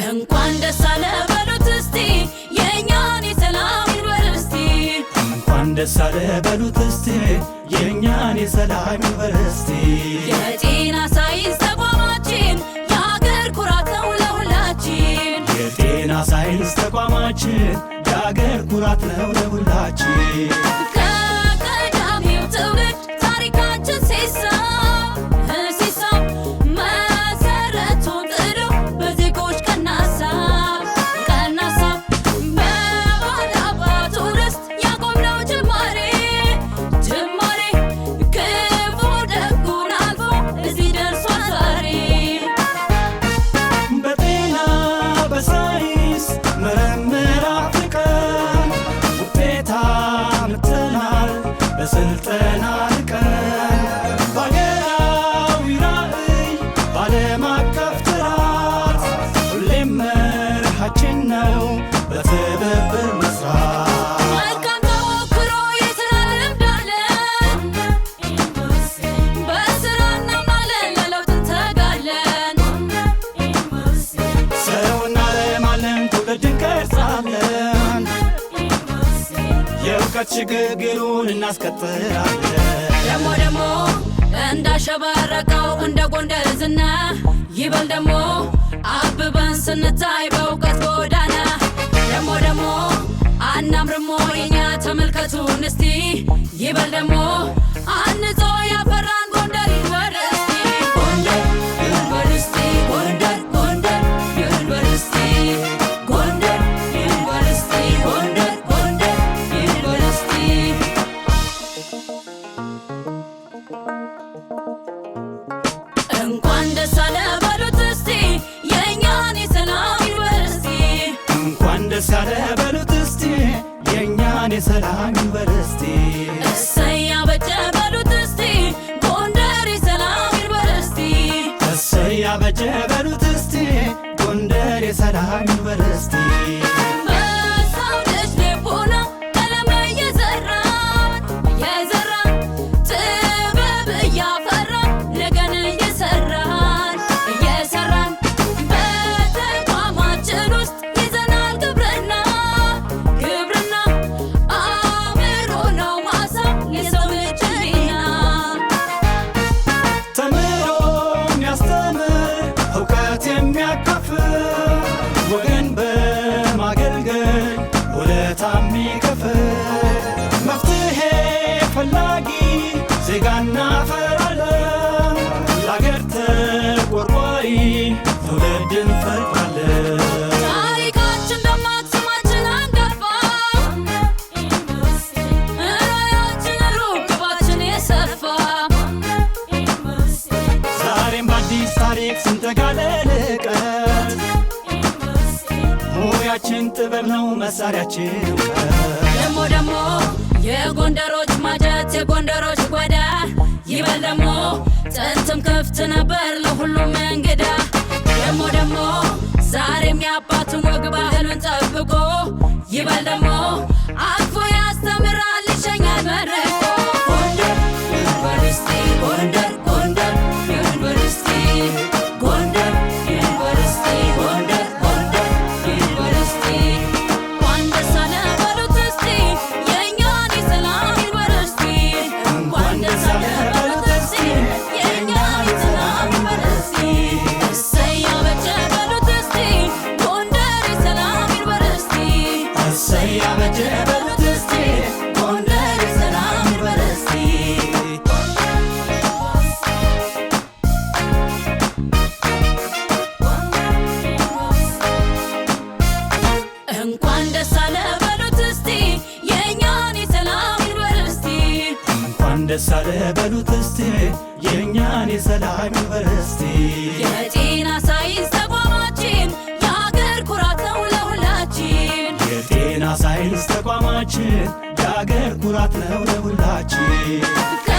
En cuando sale a ver otro... እንደሳለ በሉት እስቲ የእኛን የሰላም ዩኒቨርስቲ እውቀት ሽግግሩን እናስቀጥላለን። ደሞ ደሞ እንዳሸበረቀው እንደ ጎንደር ዝና ይበል ደሞ አብበን ስንታይ በእውቀት ጎዳና ደሞ ደሞ አናምርሞ የኛ ተመልከቱን እስቲ ይበል ደሞ አንጾ ያፈራ ደስ አለ በሉት እስቲ የእኛን የሰላም ዩኒቨርሲቲ እንኳን ደስ አለ በሉት እስቲ የእኛን የሰላም ዩኒቨርሲቲ እሰያ አበጀ በሉት እስቲ ጎንደር የሰላም ዩኒቨርሲቲ እሰይ አበጀ በሉት እስቲ ጎንደር የሰላም ዩኒቨርሲቲ ጥበብ ነው መሳሪያችን። ደሞ ደሞ የጎንደሮች ማጀት የጎንደሮች ጓዳ ይበል ደሞ ጥንትም ክፍት ነበር ለሁሉም እንግዳ። ደሞ ደሞ ዛሬም የአባትን ወግ ባህሉን ጠብቆ ይበል ደሞ አፎ ያስተምራል ይሸኛል መድረኮ ጎንደር ዩኒቨርሲቲ ጎንደር ደስ አለ በሉት እስቲ የእኛን የሰላም ዩኒቨርስቲ የጤና ሳይንስ ተቋማችን የአገር ኩራት ነው ለሁላችን የጤና ሳይንስ ተቋማችን የአገር ኩራት ነው ለሁላችን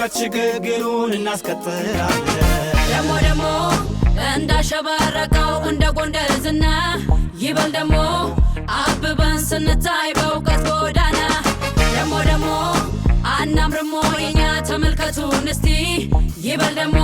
የእውቀት ሽግግሩን እናስቀጥላለን። ደሞ ደሞ እንዳሸበረቀው እንደ ጎንደር ዝና ይበል ደሞ አብበን ስንታይ በእውቀት ጎዳና ደሞ ደሞ አናምርሞ የኛ ተመልከቱን እስቲ ይበል ደሞ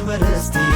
embarrassed